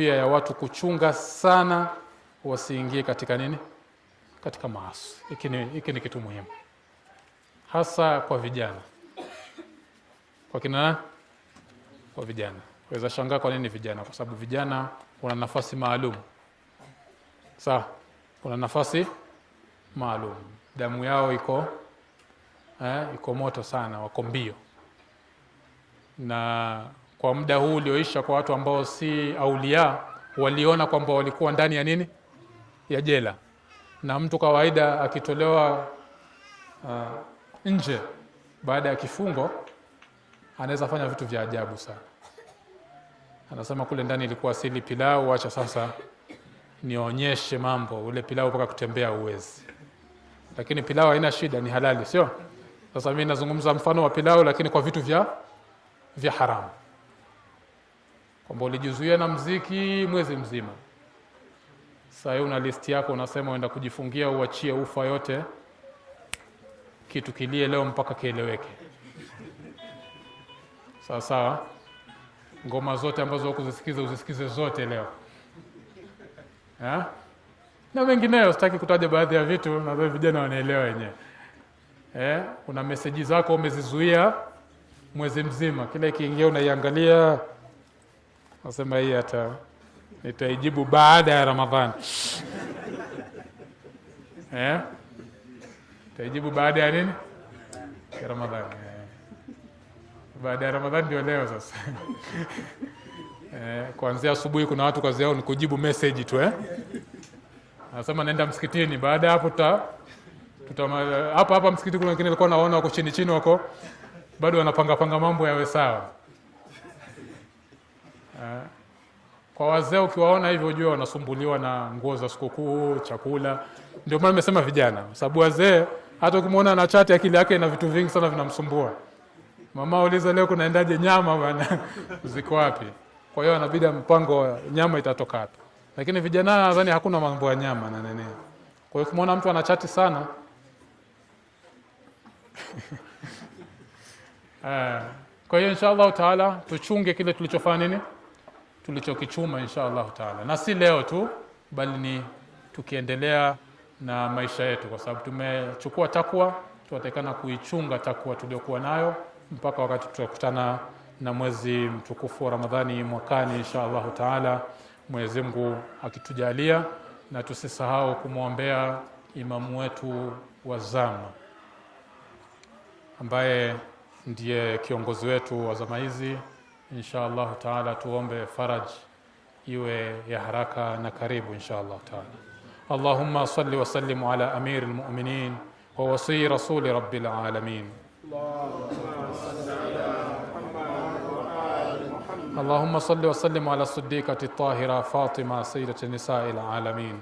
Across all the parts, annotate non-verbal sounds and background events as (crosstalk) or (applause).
pia ya watu kuchunga sana wasiingie katika nini, katika maasi. Hiki ni kitu muhimu hasa kwa vijana, kwa kina, kwa vijana. Waweza shangaa kwa nini vijana? Kwa sababu vijana wana nafasi maalum, sawa? Kuna nafasi maalum, damu yao iko eh, iko moto sana, wako mbio na kwa muda huu ulioisha, kwa watu ambao si aulia, waliona kwamba walikuwa ndani ya nini, ya jela, na mtu kawaida akitolewa uh, nje baada ya kifungo anaweza fanya vitu vya ajabu sana. Anasema kule ndani ilikuwa sili pilau, acha sasa nionyeshe mambo. Ule pilau mpaka kutembea uwezi, lakini pilau haina shida, ni halali, sio? Sasa mimi nazungumza mfano wa pilau, lakini kwa vitu vya vya haramu kwamba ulijizuia na mziki mwezi mzima, saa hii una listi yako, unasema uenda kujifungia, uachie ufa yote, kitu kilie leo mpaka kieleweke. Sawa sawa, ngoma zote ambazo ukuzisikiza uzisikize zote leo ha? na mengineyo. Sitaki kutaja baadhi ya vitu, nadhani vijana wanaelewa wenyewe. Eh, una meseji zako umezizuia mwezi mzima, kila ikiingia unaiangalia Nasema hii hata nitaijibu baada ya Ramadhani (laughs) eh? Nitaijibu baada ya nini? Ya Ramadhani eh. Baada ya Ramadhani ndio leo sasa (laughs) eh, kuanzia asubuhi kuna watu kazi yao ni kujibu message tu eh? Nasema naenda msikitini, baada ya hapo tuta hapa hapa msikiti kuna wengine walikuwa naona wako chini chini, wako bado wanapangapanga mambo yawe sawa Eh, kwa wazee ukiwaona hivyo ujue wanasumbuliwa na nguo za sikukuu, chakula. Ndio maana nimesema vijana, sababu wazee hata ukimwona na chati, akili yake ina vitu vingi sana vinamsumbua. Mama uliza leo kunaendaje nyama bwana, (laughs) ziko wapi? Kwa hiyo anabidi mpango nyama itatoka wapi. Lakini vijana nadhani hakuna mambo ya nyama na nene. Kwa hiyo ukimwona mtu ana chati sana (laughs) eh, kwa hiyo inshallah taala tuchunge kile tulichofanya nini tulichokichuma insha allahu taala, na si leo tu, bali ni tukiendelea na maisha yetu, kwa sababu tumechukua takwa, tunatakana kuichunga takwa tuliokuwa nayo mpaka wakati tutakutana na mwezi mtukufu wa Ramadhani mwakani insha allahu taala, Mwenyezi Mungu akitujalia, na tusisahau kumwombea imamu wetu wa zama ambaye ndiye kiongozi wetu wa zama hizi. insha allahu taala tuombe faraj iwe ya haraka na karibu insha allahu taala اللهم صل وسلم على امير المؤمنين ووصي رسول رب العالمين اللهم صل وسلم على الصديقة الطاهرة فاطمة سيدة نساء العالمين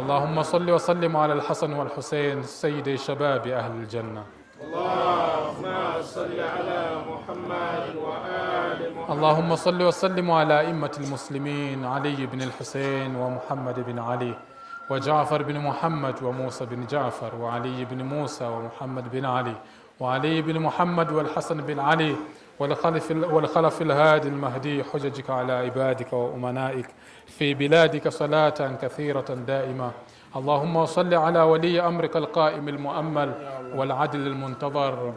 اللهم صل وسلم على الحسن والحسين سيدي شباب أهل الجنة اللهم صل على محمد وآل محمد اللهم صل وسلم على أئمة المسلمين علي بن الحسين ومحمد بن علي وجعفر بن محمد وموسى بن جعفر وعلي بن موسى ومحمد بن علي وعلي بن محمد والحسن بن علي والخلف, والخلف الهادي المهدي حججك على عبادك وأمنائك في بلادك صلاة كثيرة دائمة اللهم صل على ولي امرك القائم المؤمل والعدل المنتظر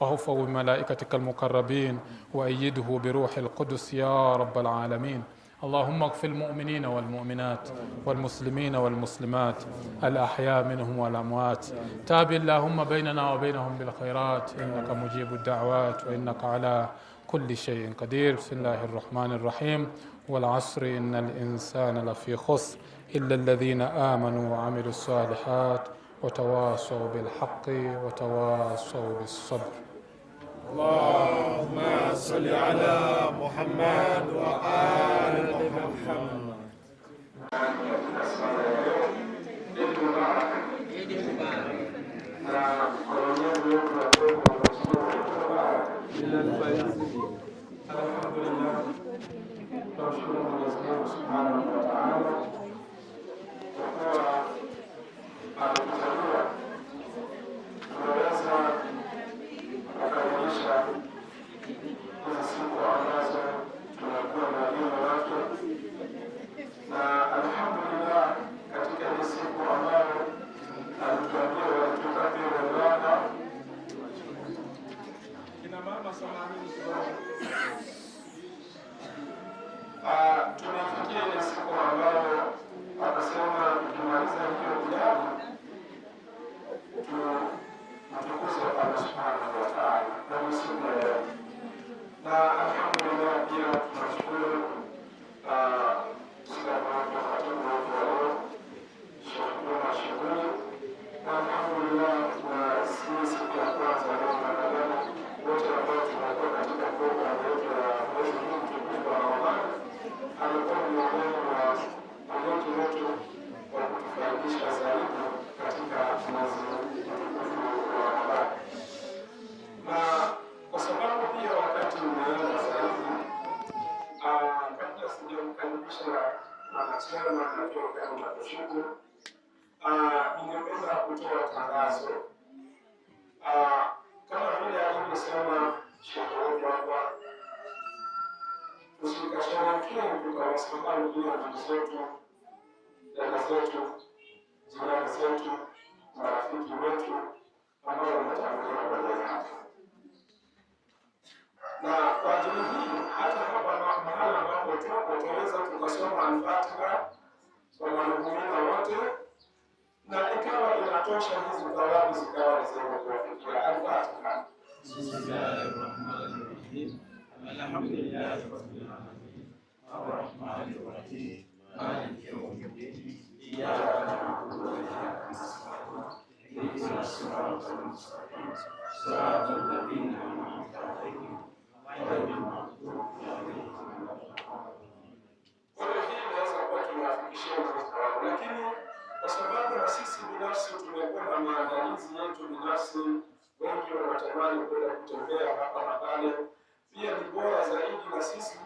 وهفو بملائكتك المقربين وايده بروح القدس يا رب العالمين اللهم اغفر المؤمنين والمؤمنات والمسلمين والمسلمات الأحياء منهم والأموات تاب اللهم بيننا وبينهم بالخيرات إنك مجيب الدعوات وإنك على كل شيء قدير بسم الله الرحمن الرحيم والعصر إن الإنسان لفي خسر إلا الذين آمنوا وعملوا الصالحات وتواصوا بالحق وتواصوا بالصبر اللهم صل على محمد وآل محمد Mama, sama Mama, Mara anasema anatoka Matoshuku. Ah, kutoa tangazo ah, kama vile alivyosema shehe kwamba hapa, tusikasherekee tukawasamau juu ndugu zetu, dada zetu, jirani zetu, marafiki wetu ambao wametangulia mbele yake na kwa ajili hii hata hapa mahala ambapo tuko al-Fatiha kwa wanamuumini wote, na ikawa inatosha hizi thawabu zikawa ni zenye kuwafikia. Al-Fatiha. Bismillahir Alhamdulillah. wanatamani kwenda kutembea hapa na pale. Pia ni bora zaidi na sisi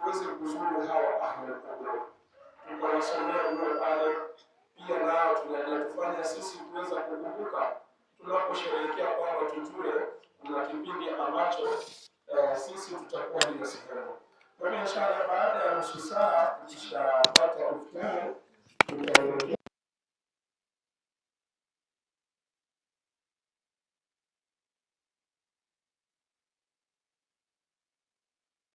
tuweze kuzuru hawa ahli kubwa, tukawasomea huyo pale, pia nao tunajatufanya sisi kuweza kukumbuka tunaposherehekea kwamba tujue kuna kipindi ambacho eh, sisi tutakuwa hiyo sehemu. Kwa hiyo inshallah, baada ya nusu saa tutapata iftari tutaelekea